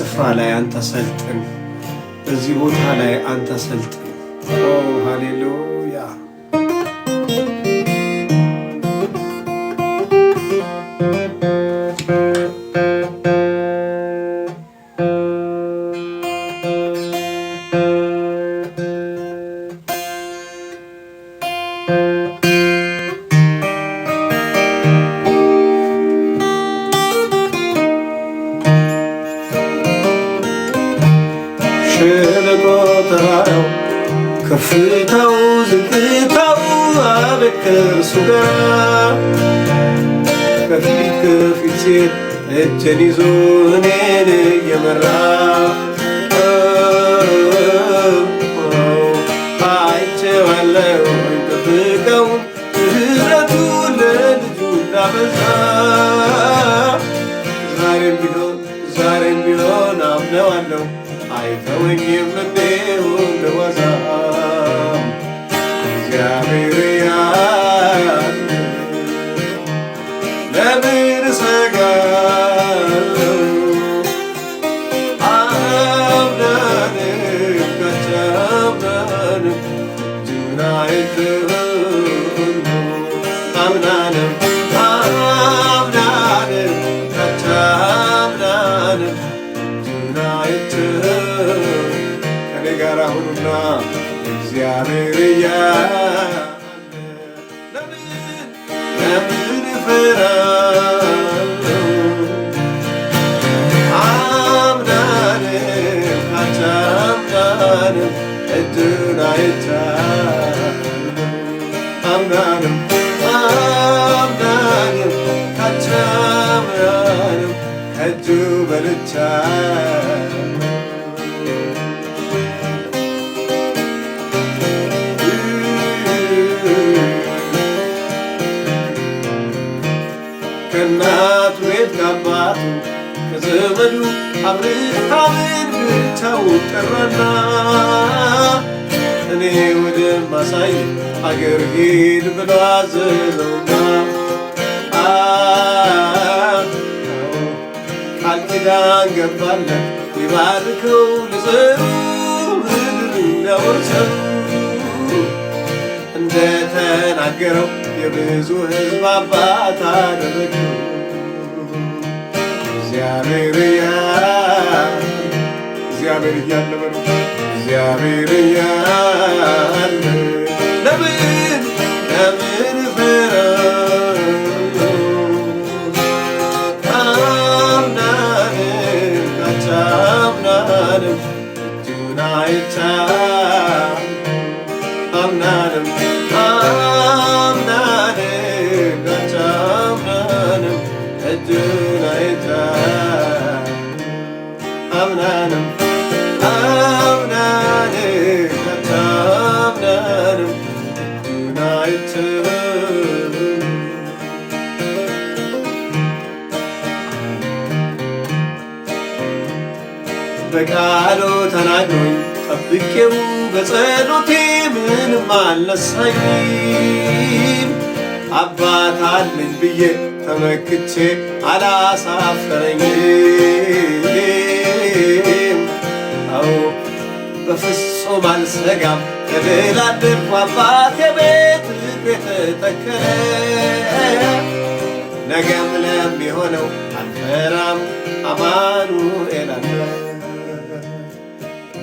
ስፍራ ላይ አንተ ሰልጥን፣ በዚህ ቦታ ላይ አንተ ሰልጥን። ሃሌሉያ نبيا نبي نفرا عمراني حتمراني الدنيا عمراني عمراني حتمراني هدو بلتاني አብርን አብርን ጠራና እኔ ወደ ማሳይ አገር ሂድ ብሎ አዘዘውና ቃል ኪዳን ይባርከው ልዘሩ ምድር እንደተናገረው የብዙ ሕዝብ አባት አደረገው። እግዚአብሔር ያለ እግዚአብሔር እያለ በሉ እግዚአብሔር ያለ Yeah. ጌታ አምናን አምናንም በቃሉ ተናግሮኝ ጠብቄው በጸሎቴ ምንም አልነሳኝም። አባት አለኝ ብዬ ተመክቼ አላሳፈረኝም። አዎ በፍጹም አልሰጋም። ከብል አደርኩ አባት የቤት ልቤ ተተከለ ነገም ለሚሆነው አልፈራም አማኑኤል አለ።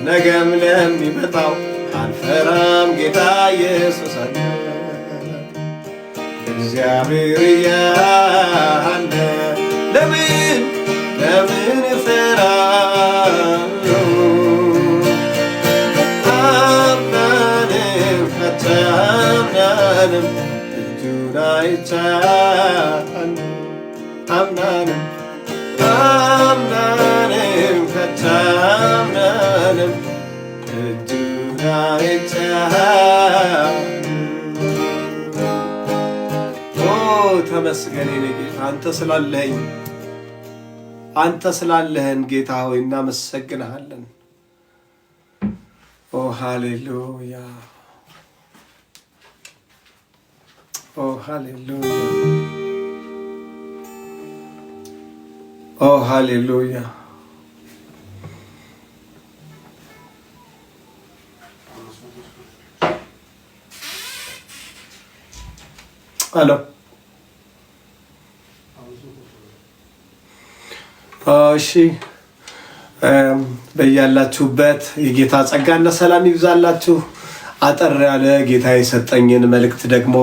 ነገም ለሚመጣው አልፈራም ጌታ ኢየሱስ አለ። እግዚአብሔር እያለ ለምን ለምን እፈራለሁ? አምናንም አታምናንም ፊቱን አይቻለሁ አምናንም አምናንም ተመስገን የኔ ጌታ አንተ ስላለኝ አንተ ስላለህን ጌታ ሆይ እናመሰግንሃለን። ኦ ሃሌሉያ፣ ኦ ሃሌሉያ፣ ኦ ሃሌሉያ። አለው። እሺ በያላችሁበት የጌታ ጸጋና ሰላም ይብዛላችሁ። አጠር ያለ ጌታ የሰጠኝን መልእክት ደግሞ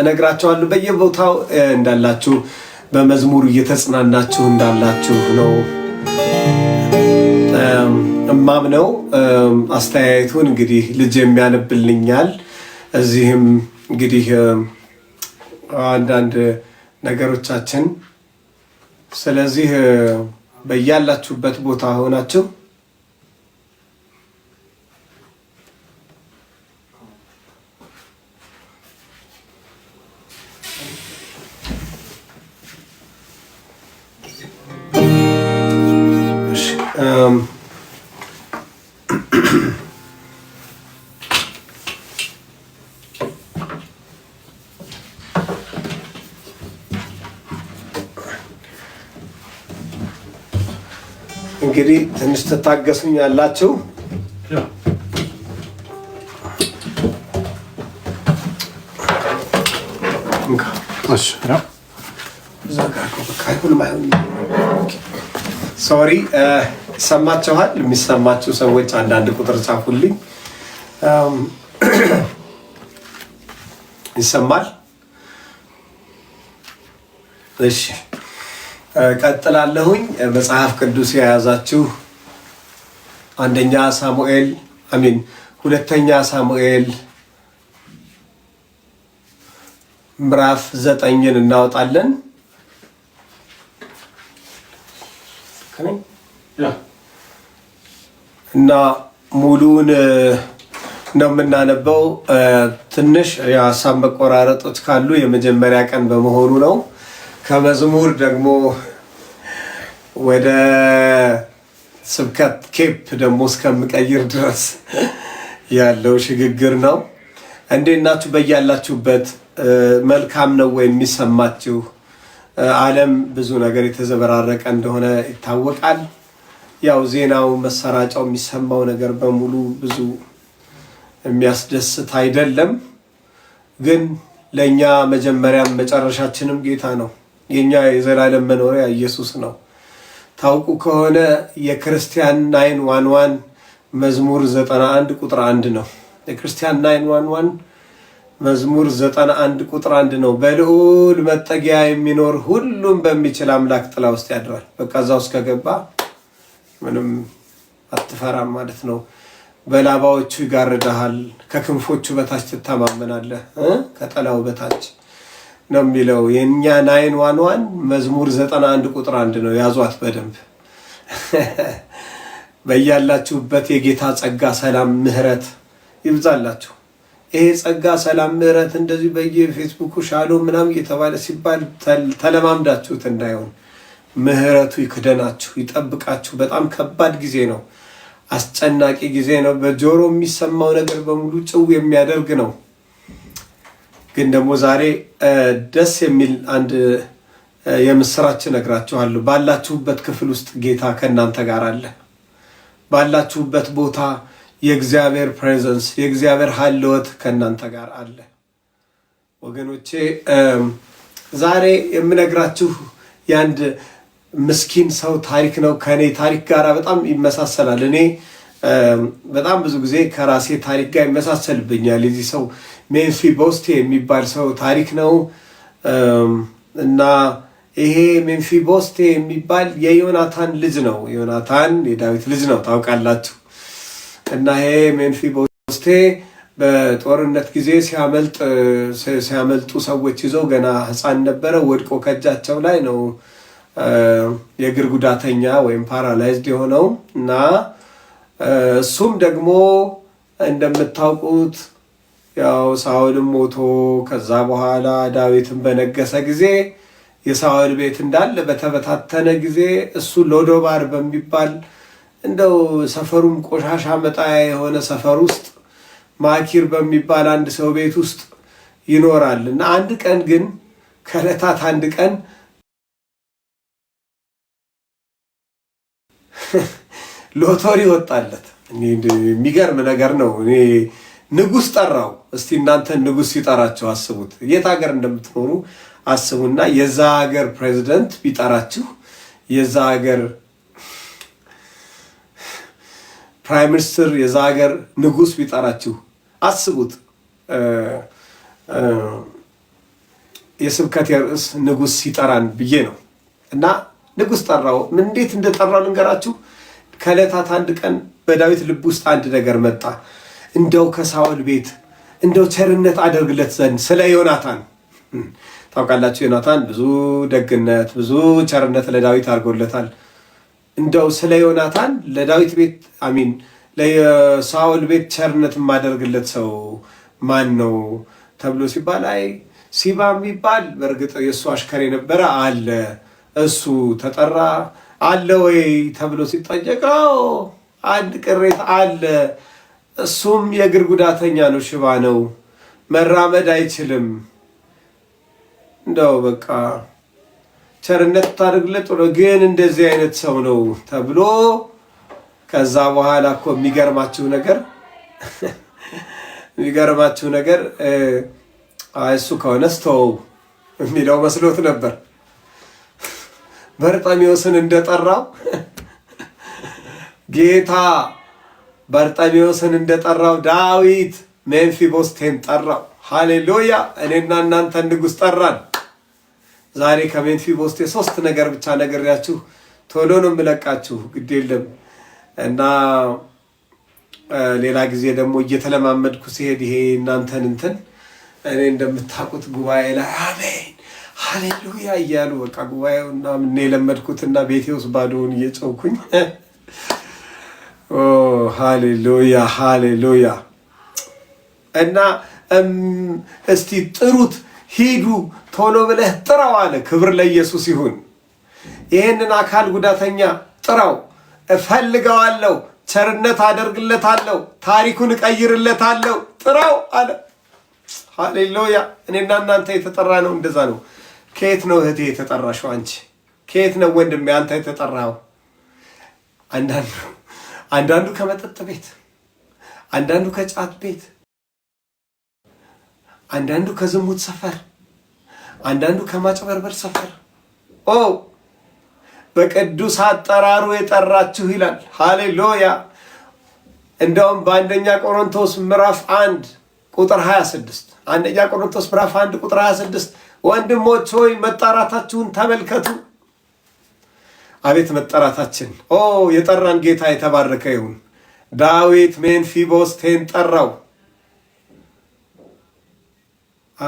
እነግራችኋለሁ። በየቦታው እንዳላችሁ በመዝሙር እየተጽናናችሁ እንዳላችሁ ነው እማም ነው። አስተያየቱን እንግዲህ ልጅ የሚያነብልኛል። እዚህም እንግዲህ አንዳንድ ነገሮቻችን ስለዚህ በያላችሁበት ቦታ ሆናችሁ um እንግዲህ ትንሽ ትታገሱኝ ያላችሁ ሶሪ ይሰማችኋል። የሚሰማችሁ ሰዎች አንዳንድ ቁጥር ጻፉልኝ። ይሰማል። እሺ ቀጥላለሁኝ። መጽሐፍ ቅዱስ የያዛችሁ አንደኛ ሳሙኤል አሚን ሁለተኛ ሳሙኤል ምዕራፍ ዘጠኝን እናወጣለን። እና ሙሉን ነው የምናነበው። ትንሽ የሀሳብ መቆራረጦች ካሉ የመጀመሪያ ቀን በመሆኑ ነው። ከመዝሙር ደግሞ ወደ ስብከት ኬፕ ደግሞ እስከምቀይር ድረስ ያለው ሽግግር ነው። እንዴት ናችሁ? በያላችሁበት መልካም ነው ወይ የሚሰማችሁ? ዓለም ብዙ ነገር የተዘበራረቀ እንደሆነ ይታወቃል። ያው ዜናው መሰራጫው የሚሰማው ነገር በሙሉ ብዙ የሚያስደስት አይደለም። ግን ለእኛ መጀመሪያም መጨረሻችንም ጌታ ነው። የእኛ የዘላለም መኖሪያ ኢየሱስ ነው። ታውቁ ከሆነ የክርስቲያን ናይን ዋን ዋን መዝሙር 91 ቁጥር አንድ ነው። የክርስቲያን ናይን ዋን ዋን መዝሙር 91 ቁጥር አንድ ነው። በልዑል መጠጊያ የሚኖር ሁሉም በሚችል አምላክ ጥላ ውስጥ ያድራል። በቃ እዛ ውስጥ ከገባ ምንም አትፈራም ማለት ነው። በላባዎቹ ይጋርድሃል፣ ከክንፎቹ በታች ትታማመናለህ፣ ከጠላው በታች ነው የሚለው የእኛ ናይን ዋን ዋን መዝሙር ዘጠና አንድ ቁጥር አንድ ነው። ያዟት በደንብ በያላችሁበት የጌታ ጸጋ፣ ሰላም፣ ምህረት ይብዛላችሁ። ይሄ ጸጋ፣ ሰላም፣ ምህረት እንደዚህ በየፌስቡኩ ሻሎ ምናም እየተባለ ሲባል ተለማምዳችሁት እንዳይሆን ምህረቱ ይክደናችሁ፣ ይጠብቃችሁ። በጣም ከባድ ጊዜ ነው። አስጨናቂ ጊዜ ነው። በጆሮ የሚሰማው ነገር በሙሉ ጭው የሚያደርግ ነው። ግን ደግሞ ዛሬ ደስ የሚል አንድ የምስራች እነግራችኋለሁ። ባላችሁበት ክፍል ውስጥ ጌታ ከእናንተ ጋር አለ። ባላችሁበት ቦታ የእግዚአብሔር ፕሬዘንስ የእግዚአብሔር ሀልወት ከእናንተ ጋር አለ። ወገኖቼ ዛሬ የምነግራችሁ የአንድ ምስኪን ሰው ታሪክ ነው። ከእኔ ታሪክ ጋር በጣም ይመሳሰላል። እኔ በጣም ብዙ ጊዜ ከራሴ ታሪክ ጋር ይመሳሰልብኛል። የዚህ ሰው ሜንፊ ቦስቴ የሚባል ሰው ታሪክ ነው እና ይሄ ሜንፊ ቦስቴ የሚባል የዮናታን ልጅ ነው። ዮናታን የዳዊት ልጅ ነው ታውቃላችሁ። እና ይሄ ሜንፊ በጦርነት ጊዜ ሲያመልጡ ሰዎች ይዘው ገና ሕፃን ነበረ ወድቆ ከእጃቸው ላይ ነው የእግር ጉዳተኛ ወይም ፓራላይዝድ የሆነው እና እሱም ደግሞ እንደምታውቁት ያው ሳውልም ሞቶ ከዛ በኋላ ዳዊትን በነገሰ ጊዜ የሳውል ቤት እንዳለ በተበታተነ ጊዜ እሱ ሎዶባር በሚባል እንደው ሰፈሩም ቆሻሻ መጣያ የሆነ ሰፈር ውስጥ ማኪር በሚባል አንድ ሰው ቤት ውስጥ ይኖራል እና አንድ ቀን ግን ከዕለታት አንድ ቀን ሎተሪ ወጣለት። የሚገርም ነገር ነው። እኔ ንጉስ ጠራው። እስቲ እናንተ ንጉስ ሲጠራችሁ አስቡት። የት ሀገር እንደምትኖሩ አስቡና የዛ ሀገር ፕሬዚደንት ቢጠራችሁ፣ የዛ ሀገር ፕራይም ሚኒስትር፣ የዛ ሀገር ንጉስ ቢጠራችሁ አስቡት። የስብከት የርዕስ ንጉስ ሲጠራን ብዬ ነው እና ንጉስ ጠራው። እንዴት እንደጠራው ልንገራችሁ። ከእለታት አንድ ቀን በዳዊት ልብ ውስጥ አንድ ነገር መጣ። እንደው ከሳውል ቤት እንደው ቸርነት አደርግለት ዘንድ ስለ ዮናታን ታውቃላችሁ፣ ዮናታን ብዙ ደግነት ብዙ ቸርነት ለዳዊት አድርጎለታል። እንደው ስለ ዮናታን ለዳዊት ቤት አሚን ለሳውል ቤት ቸርነት የማደርግለት ሰው ማን ነው ተብሎ ሲባል አይ ሲባ የሚባል በእርግጥ የእሱ አሽከር የነበረ አለ እሱ ተጠራ አለ ወይ ተብሎ ሲጠየቀው አንድ ቅሬታ አለ እሱም የእግር ጉዳተኛ ነው፣ ሽባ ነው፣ መራመድ አይችልም። እንደው በቃ ቸርነት ታደርግለት ጥሎ ግን እንደዚህ አይነት ሰው ነው ተብሎ ከዛ በኋላ እኮ የሚገርማችሁ ነገር የሚገርማችሁ ነገር እሱ ከሆነ ስተወው የሚለው መስሎት ነበር። በርጠሚዎስን እንደጠራው ጌታ በርጠሜዎስን እንደጠራው ዳዊት ሜንፊቦስቴን ጠራው። ሃሌሉያ! እኔና እናንተን ንጉሥ ጠራን። ዛሬ ከሜንፊቦስቴ ሶስት ነገር ብቻ ነግሬያችሁ ቶሎ ነው የምለቃችሁ። ግድ የለም እና ሌላ ጊዜ ደግሞ እየተለማመድኩ ሲሄድ ይሄ እናንተን እንትን እኔ እንደምታውቁት ጉባኤ ላይ አሜን ሃሌሉያ እያሉ በቃ ጉባኤው እና ምን የለመድኩትና ቤቴ ውስጥ ባዶውን እየጨውኩኝ ሃሌሉያ oh, ሃሌሉያ። እና እስቲ ጥሩት፣ ሂዱ፣ ቶሎ ብለህ ጥራው አለ። ክብር ለኢየሱስ ይሁን። ይህንን አካል ጉዳተኛ ጥራው፣ እፈልገዋለሁ፣ ቸርነት አደርግለታለሁ፣ ታሪኩን እቀይርለታለሁ፣ ጥራው አለ። ሃሌሉያ። እኔና እናንተ የተጠራ ነው፣ እንደዛ ነው። ከየት ነው እህቴ የተጠራሽው? አንቺ ከየት ነው ወንድሜ አንተ የተጠራው? አንዳንዱ አንዳንዱ ከመጠጥ ቤት፣ አንዳንዱ ከጫት ቤት፣ አንዳንዱ ከዝሙት ሰፈር፣ አንዳንዱ ከማጭበርበር ሰፈር። ኦ በቅዱስ አጠራሩ የጠራችሁ ይላል። ሃሌሉያ። እንደውም በአንደኛ ቆሮንቶስ ምዕራፍ አንድ ቁጥር 26 አንደኛ ቆሮንቶስ ምዕራፍ አንድ ቁጥር 26 ወንድሞች ሆይ መጣራታችሁን ተመልከቱ አቤት መጠራታችን! ኦ የጠራን ጌታ የተባረከ ይሁን። ዳዊት ሜንፊቦስቴን ጠራው።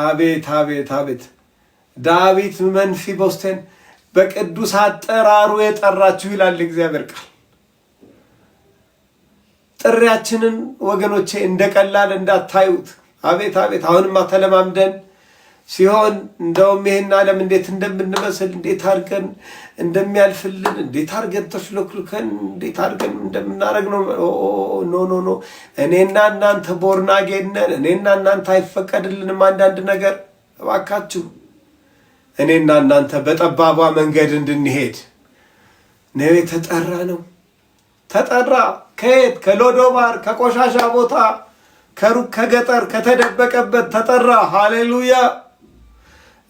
አቤት አቤት አቤት! ዳዊት ሜንፊቦስቴን በቅዱስ አጠራሩ የጠራችሁ ይላል እግዚአብሔር ቃል። ጥሪያችንን ወገኖቼ እንደ ቀላል እንዳታዩት። አቤት አቤት! አሁንማ ተለማምደን ሲሆን እንደውም ይህን ዓለም እንዴት እንደምንመስል እንዴት አድርገን እንደሚያልፍልን እንዴት አድርገን ተሽሎክልከን እንዴት አድርገን እንደምናደርግ ነው። ኖ ኖ ኖ እኔና እናንተ ቦርናጌነን እኔና እናንተ አይፈቀድልንም አንዳንድ ነገር እባካችሁ። እኔና እናንተ በጠባቧ መንገድ እንድንሄድ ነው የተጠራ ነው። ተጠራ ከየት ከሎዶባር ከቆሻሻ ቦታ ከሩቅ ከገጠር ከተደበቀበት ተጠራ። ሃሌሉያ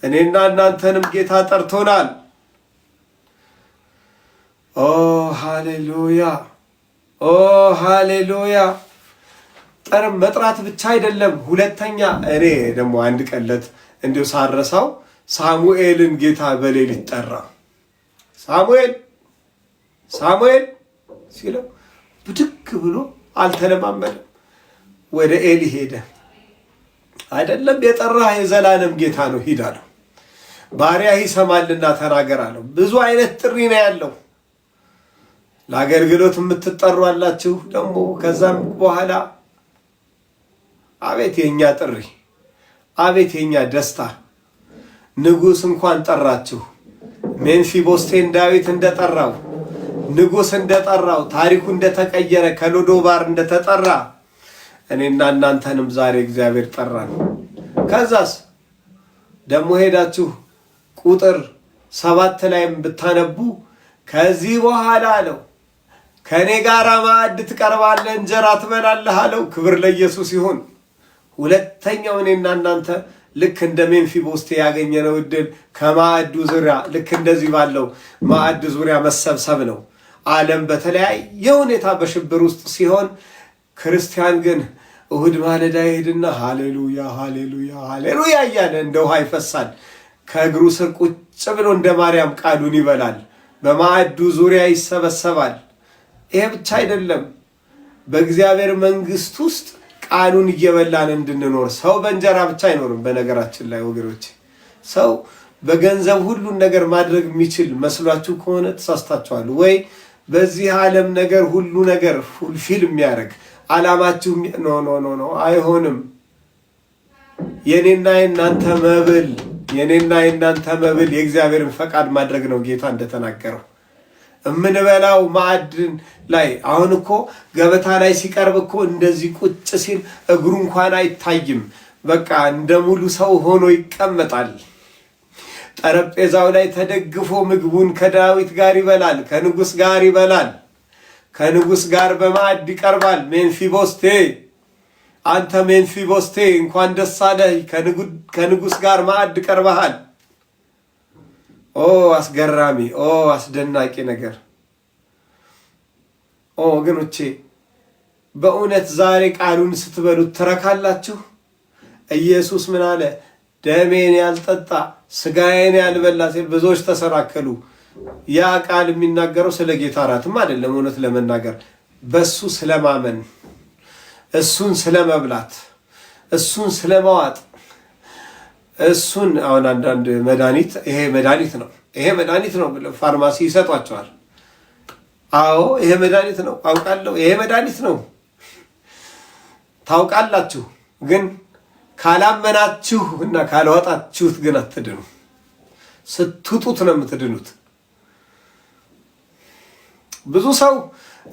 እኔና እናንተንም ጌታ ጠርቶናል። ኦ ሃሌሉያ! ኦ ሃሌሉያ! ጠር መጥራት ብቻ አይደለም። ሁለተኛ እኔ ደግሞ አንድ ቀለት እንዲሁ ሳረሳው ሳሙኤልን ጌታ በሌሊት ጠራ። ሳሙኤል ሳሙኤል ሲለው ብድግ ብሎ አልተለማመደም፣ ወደ ኤሊ ሄደ። አይደለም የጠራ የዘላለም ጌታ ነው ሂድ አለው። ባሪያ ይሰማልና ተናገር አለው። ብዙ አይነት ጥሪ ነው ያለው። ለአገልግሎት የምትጠሩ አላችሁ። ደግሞ ከዛም በኋላ አቤት የእኛ ጥሪ፣ አቤት የእኛ ደስታ። ንጉሥ እንኳን ጠራችሁ። ሜንፊቦስቴን ዳዊት እንደጠራው ንጉሥ እንደጠራው ታሪኩ እንደተቀየረ ከሎዶባር እንደተጠራ እኔና እናንተንም ዛሬ እግዚአብሔር ጠራን። ከዛስ ደግሞ ሄዳችሁ ቁጥር ሰባት ላይም ብታነቡ ከዚህ በኋላ አለው ከእኔ ጋር ማዕድ ትቀርባለህ፣ እንጀራ ትበላለህ አለው። ክብር ለኢየሱስ ይሁን። ሁለተኛው እኔና እናንተ ልክ እንደ ሜምፊቦስቴ ያገኘነው እድል ከማዕዱ ዙሪያ ልክ እንደዚህ ባለው ማዕድ ዙሪያ መሰብሰብ ነው። ዓለም በተለያየ ሁኔታ በሽብር ውስጥ ሲሆን፣ ክርስቲያን ግን እሁድ ማለዳ ይሄድና ሃሌሉያ ሃሌሉያ ሃሌሉያ እያለ እንደ ውሃ ይፈሳል። ከእግሩ ስር ቁጭ ብሎ እንደ ማርያም ቃሉን ይበላል፣ በማዕዱ ዙሪያ ይሰበሰባል። ይሄ ብቻ አይደለም፣ በእግዚአብሔር መንግስት ውስጥ ቃሉን እየበላን እንድንኖር። ሰው በእንጀራ ብቻ አይኖርም። በነገራችን ላይ ወገኖች፣ ሰው በገንዘብ ሁሉን ነገር ማድረግ የሚችል መስሏችሁ ከሆነ ተሳስታችኋል። ወይ በዚህ ዓለም ነገር ሁሉ ነገር ፉልፊል የሚያደርግ ኖ ኖ ኖ ኖ አይሆንም። የኔና የእናንተ መብል የእኔና የእናንተ መብል የእግዚአብሔርን ፈቃድ ማድረግ ነው ጌታ እንደተናገረው የምንበላው ማዕድን ላይ አሁን እኮ ገበታ ላይ ሲቀርብ እኮ እንደዚህ ቁጭ ሲል እግሩ እንኳን አይታይም። በቃ እንደ ሙሉ ሰው ሆኖ ይቀመጣል። ጠረጴዛው ላይ ተደግፎ ምግቡን ከዳዊት ጋር ይበላል፣ ከንጉስ ጋር ይበላል። ከንጉስ ጋር በማዕድ ይቀርባል። ሜንፊቦስቴ አንተ ቦስቴ እንኳን ደስ አለህ፣ ከንጉሥ ጋር ማዕድ ቀርበሃል። ኦ አስገራሚ፣ ኦ አስደናቂ ነገር። ኦ ወገኖቼ በእውነት ዛሬ ቃሉን ስትበሉት ትረካላችሁ። ኢየሱስ ምን አለ? ደሜን ያልጠጣ ስጋዬን ያልበላ ሲል ብዙዎች ተሰራከሉ። ያ ቃል የሚናገረው ስለ ጌታ እራትም አይደለም፣ እውነት ለመናገር በሱ ስለማመን እሱን ስለ መብላት፣ እሱን ስለ መዋጥ፣ እሱን አሁን አንዳንድ መድኃኒት ይሄ መድኃኒት ነው ይሄ መድኃኒት ነው ብለው ፋርማሲ ይሰጧቸዋል። አዎ ይሄ መድኃኒት ነው አውቃለሁ፣ ይሄ መድኃኒት ነው ታውቃላችሁ። ግን ካላመናችሁ እና ካልዋጣችሁት ግን አትድኑ። ስትውጡት ነው የምትድኑት። ብዙ ሰው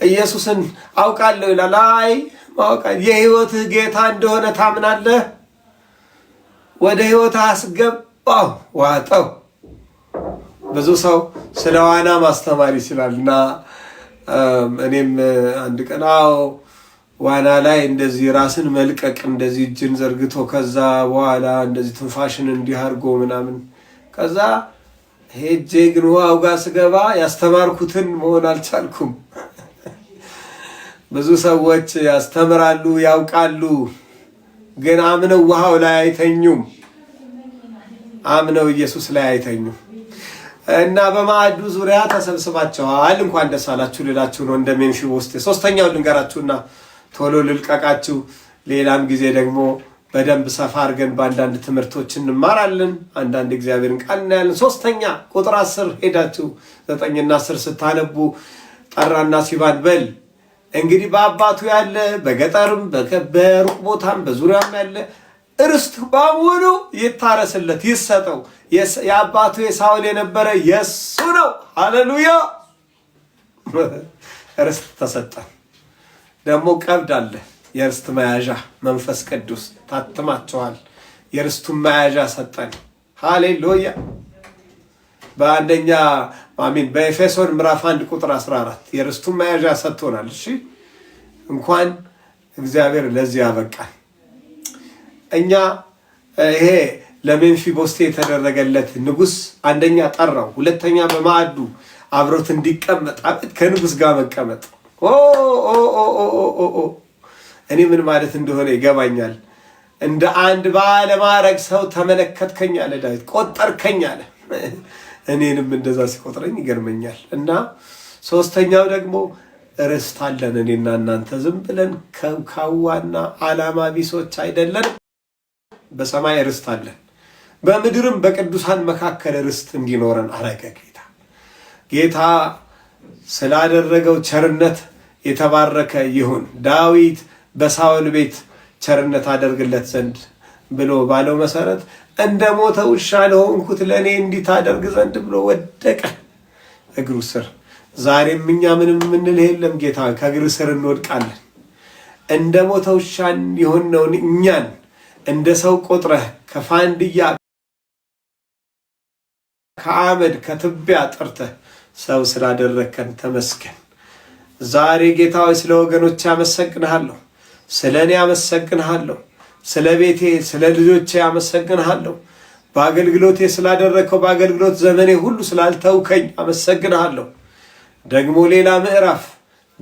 ኢየሱስን አውቃለሁ ይላል። አይ ማወቅ የህይወትህ ጌታ እንደሆነ ታምናለህ። ወደ ህይወት አስገባው፣ ዋጠው። ብዙ ሰው ስለ ዋና ማስተማር ይችላል እና እኔም አንድ ቀን አዎ ዋና ላይ እንደዚህ ራስን መልቀቅ እንደዚህ እጅን ዘርግቶ ከዛ በኋላ እንደዚህ ትንፋሽን እንዲህ አድርጎ ምናምን ከዛ ሄጄ ግን ውሃው ጋር ስገባ ያስተማርኩትን መሆን አልቻልኩም። ብዙ ሰዎች ያስተምራሉ፣ ያውቃሉ፣ ግን አምነው ውሃው ላይ አይተኙም። አምነው ኢየሱስ ላይ አይተኙም። እና በማዕዱ ዙሪያ ተሰብስባችኋል። እንኳን ደስ አላችሁ ልላችሁ ነው። እንደ ሜንሽ ውስጥ ሶስተኛው ልንገራችሁና ቶሎ ልልቀቃችሁ። ሌላም ጊዜ ደግሞ በደንብ ሰፋ አድርገን በአንዳንድ ትምህርቶች እንማራለን። አንዳንድ እግዚአብሔርን ቃል እናያለን። ሶስተኛ ቁጥር አስር ሄዳችሁ ዘጠኝና አስር ስታነቡ ጠራና ሲባል በል እንግዲህ በአባቱ ያለ በገጠርም በሩቅ ቦታም በዙሪያም ያለ እርስት በሙሉ ይታረስለት፣ ይሰጠው። የአባቱ የሳውል የነበረ የሱ ነው። ሃሌሉያ! እርስት ተሰጠ። ደግሞ ቀብድ አለ፣ የእርስት መያዣ መንፈስ ቅዱስ ታትማቸዋል የእርስቱን መያዣ ሰጠን። ሃሌሉያ! በአንደኛ አሚን በኤፌሶን ምዕራፍ 1 ቁጥር 14 የርስቱን መያዣ ሰጥቶናል። እሺ እንኳን እግዚአብሔር ለዚህ ያበቃል። እኛ ይሄ ቦስቴ የተደረገለት ንጉስ አንደኛ ጠራው፣ ሁለተኛ በማዕዱ አብሮት እንዲቀመጥ አቤት ከንጉስ ጋር መቀመጥ እኔ ምን ማለት እንደሆነ ይገባኛል። እንደ አንድ ባለማረግ ሰው ተመለከትከኝ አለ ዳዊት፣ ቆጠርከኝ አለ እኔንም እንደዛ ሲቆጥረኝ ይገርመኛል። እና ሶስተኛው ደግሞ ርስት አለን እኔና እናንተ ዝም ብለን ከውካዋና አላማ ቢሶች አይደለን። በሰማይ ርስት አለን፣ በምድርም በቅዱሳን መካከል ርስት እንዲኖረን አረገ ጌታ። ጌታ ስላደረገው ቸርነት የተባረከ ይሁን። ዳዊት በሳውል ቤት ቸርነት አደርግለት ዘንድ ብሎ ባለው መሰረት እንደ ሞተ ውሻ ለሆንኩት ለእኔ እንዲታደርግ ዘንድ ብሎ ወደቀ እግሩ ስር። ዛሬም እኛ ምንም የምንል የለም ጌታ ከእግር ስር እንወድቃለን። እንደ ሞተ ውሻ የሆነውን እኛን እንደ ሰው ቆጥረህ ከፋንድያ ከአመድ ከትቢያ ጠርተህ ሰው ስላደረግከን ተመስገን። ዛሬ ጌታ ስለ ወገኖች አመሰግንሃለሁ፣ ስለ እኔ አመሰግንሃለሁ። ስለ ቤቴ ስለ ልጆቼ አመሰግንሃለሁ። በአገልግሎቴ ስላደረግከው በአገልግሎት ዘመኔ ሁሉ ስላልተውከኝ አመሰግንሃለሁ። ደግሞ ሌላ ምዕራፍ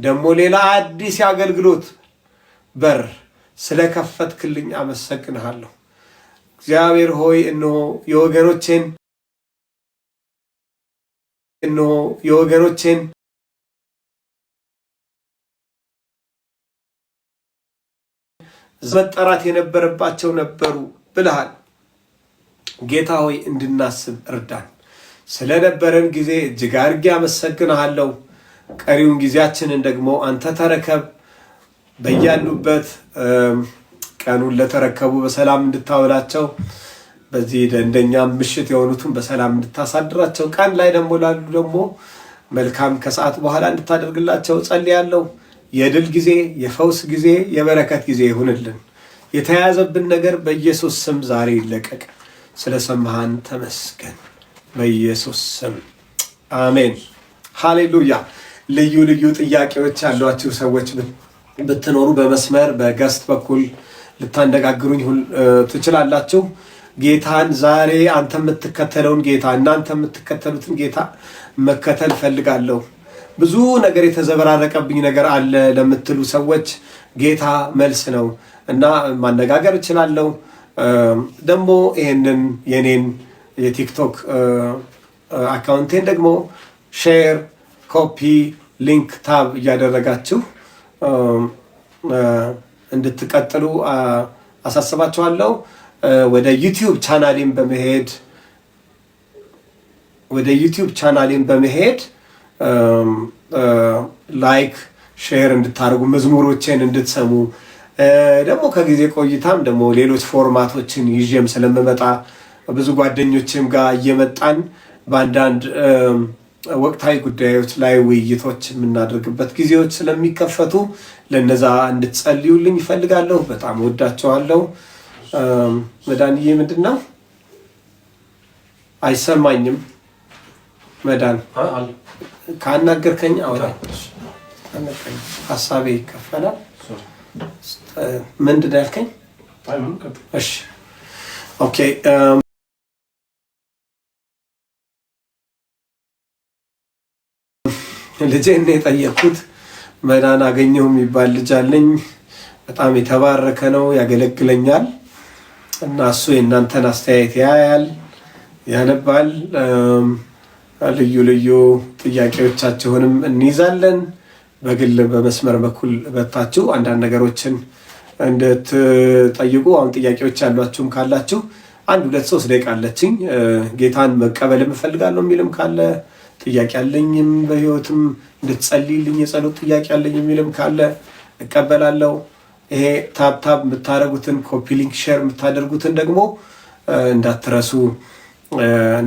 ደግሞ ሌላ አዲስ የአገልግሎት በር ስለከፈትክልኝ አመሰግንሃለሁ። እግዚአብሔር ሆይ እነሆ የወገኖቼን እነሆ የወገኖቼን መጠራት የነበረባቸው ነበሩ ብለሃል። ጌታ ሆይ እንድናስብ እርዳን። ስለነበረን ጊዜ እጅግ አድርጌ አመሰግንሃለሁ። ቀሪውን ጊዜያችንን ደግሞ አንተ ተረከብ። በያሉበት ቀኑን ለተረከቡ በሰላም እንድታውላቸው፣ በዚህ ደንደኛ ምሽት የሆኑትን በሰላም እንድታሳድራቸው፣ ቀን ላይ ደግሞ ላሉ ደግሞ መልካም ከሰዓት በኋላ እንድታደርግላቸው ጸልያለሁ። የድል ጊዜ፣ የፈውስ ጊዜ፣ የበረከት ጊዜ ይሁንልን። የተያዘብን ነገር በኢየሱስ ስም ዛሬ ይለቀቅ። ስለ ሰማሃን ተመስገን። በኢየሱስ ስም አሜን። ሃሌሉያ። ልዩ ልዩ ጥያቄዎች ያሏችሁ ሰዎች ብትኖሩ በመስመር በገስት በኩል ልታነጋግሩኝ ትችላላችሁ። ጌታን ዛሬ አንተ የምትከተለውን ጌታ እናንተ የምትከተሉትን ጌታ መከተል ፈልጋለሁ ብዙ ነገር የተዘበራረቀብኝ ነገር አለ ለምትሉ ሰዎች ጌታ መልስ ነው እና ማነጋገር እችላለሁ። ደግሞ ይህንን የኔን የቲክቶክ አካውንቴን ደግሞ ሼር፣ ኮፒ፣ ሊንክ፣ ታብ እያደረጋችሁ እንድትቀጥሉ አሳስባችኋለሁ። ወደ ዩቲዩብ ቻናሌን በመሄድ ወደ ዩቲዩብ ቻናሌን በመሄድ ላይክ um, ሼር uh, እንድታደርጉ መዝሙሮቼን እንድትሰሙ uh, ደግሞ ከጊዜ ቆይታም ደግሞ ሌሎች ፎርማቶችን ይዤም ስለምመጣ ብዙ ጓደኞችም ጋር እየመጣን በአንዳንድ um, ወቅታዊ ጉዳዮች ላይ ውይይቶች የምናደርግበት ጊዜዎች ስለሚከፈቱ ለነዛ እንድትጸልዩልኝ ይፈልጋለሁ። በጣም ወዳቸዋለሁ። um, መዳንዬ ምንድን ነው? አይሰማኝም መዳን ካናገርከኝ አውራኝ፣ ሀሳቤ ይከፈላል። ምንድን ያልከኝ? እሺ ኦኬ ልጄን የጠየኩት መዳን አገኘው የሚባል ልጅ አለኝ። በጣም የተባረከ ነው፣ ያገለግለኛል እና እሱ የእናንተን አስተያየት ያያል፣ ያነባል ልዩ ልዩ ጥያቄዎቻችሁንም እንይዛለን። በግል በመስመር በኩል በታችሁ አንዳንድ ነገሮችን እንድትጠይቁ አሁን ጥያቄዎች ያሏችሁም ካላችሁ አንድ ሁለት ሶስት ደቂቃ አለችኝ። ጌታን መቀበል እፈልጋለሁ የሚልም ካለ ጥያቄ አለኝም በህይወትም እንድትጸልይልኝ የጸሎት ጥያቄ አለኝ የሚልም ካለ እቀበላለሁ። ይሄ ታብታብ የምታደርጉትን ኮፒ ሊንክ ሼር የምታደርጉትን ደግሞ እንዳትረሱ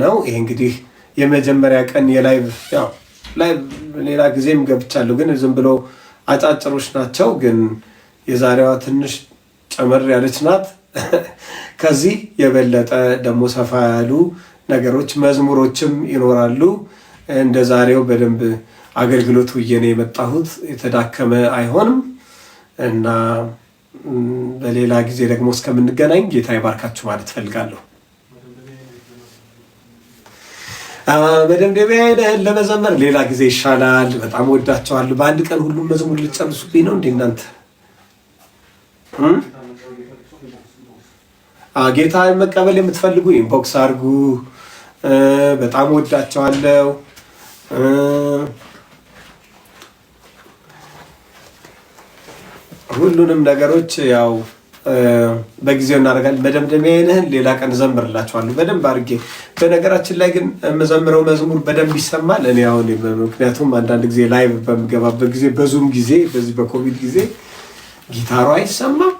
ነው። ይሄ እንግዲህ የመጀመሪያ ቀን የላይቭ ያው ላይቭ ሌላ ጊዜም ገብቻለሁ፣ ግን ዝም ብሎ አጫጭሮች ናቸው። ግን የዛሬዋ ትንሽ ጨመር ያለች ናት። ከዚህ የበለጠ ደግሞ ሰፋ ያሉ ነገሮች መዝሙሮችም ይኖራሉ። እንደ ዛሬው በደንብ አገልግሎት ውየኔ የመጣሁት። የተዳከመ አይሆንም እና በሌላ ጊዜ ደግሞ እስከምንገናኝ ጌታ ይባርካችሁ ማለት እፈልጋለሁ። መደምደሚያ ነህን ለመዘመር ሌላ ጊዜ ይሻላል። በጣም ወዳቸዋለሁ። በአንድ ቀን ሁሉም መዝሙር ልትጨርሱብኝ ነው እንዴ እናንተ? ጌታ መቀበል የምትፈልጉ ኢንቦክስ አድርጉ። በጣም ወዳቸዋለሁ። ሁሉንም ነገሮች ያው በጊዜው እናደርጋለን። መደምደሚያህን ሌላ ቀን እዘምርላችኋለሁ በደንብ አድርጌ። በነገራችን ላይ ግን የምዘምረው መዝሙር በደንብ ይሰማል። እኔ አሁን ምክንያቱም አንዳንድ ጊዜ ላይቭ በምገባበት ጊዜ በዙም ጊዜ በዚህ በኮቪድ ጊዜ ጊታሩ አይሰማም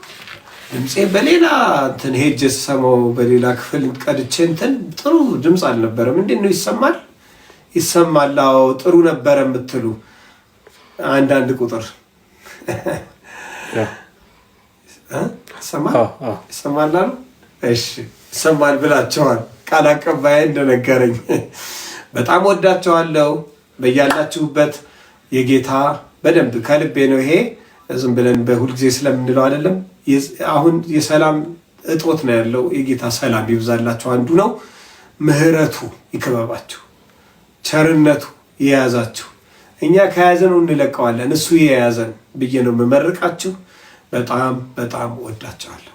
ድምፄ በሌላ እንትን ሄጅ ስሰማው በሌላ ክፍል ቀድቼ እንትን ጥሩ ድምፅ አልነበረም። እንዴት ነው ይሰማል? ይሰማል። አዎ ጥሩ ነበረ የምትሉ አንዳንድ ቁጥር ይሰማል አሉ። እሺ ይሰማል ብላቸዋል። ቃል አቀባይ እንደነገረኝ በጣም ወዳቸዋለሁ። በያላችሁበት የጌታ በደንብ ከልቤ ነው። ይሄ ዝም ብለን በሁልጊዜ ስለምንለው አይደለም። አሁን የሰላም እጦት ነው ያለው። የጌታ ሰላም ይብዛላችሁ አንዱ ነው። ምሕረቱ ይከበባችሁ፣ ቸርነቱ የያዛችሁ። እኛ ከያዘን እንለቀዋለን፣ እሱ የያዘን ብዬ ነው የምመርቃችሁ። በጣም በጣም ወዳቸዋለሁ።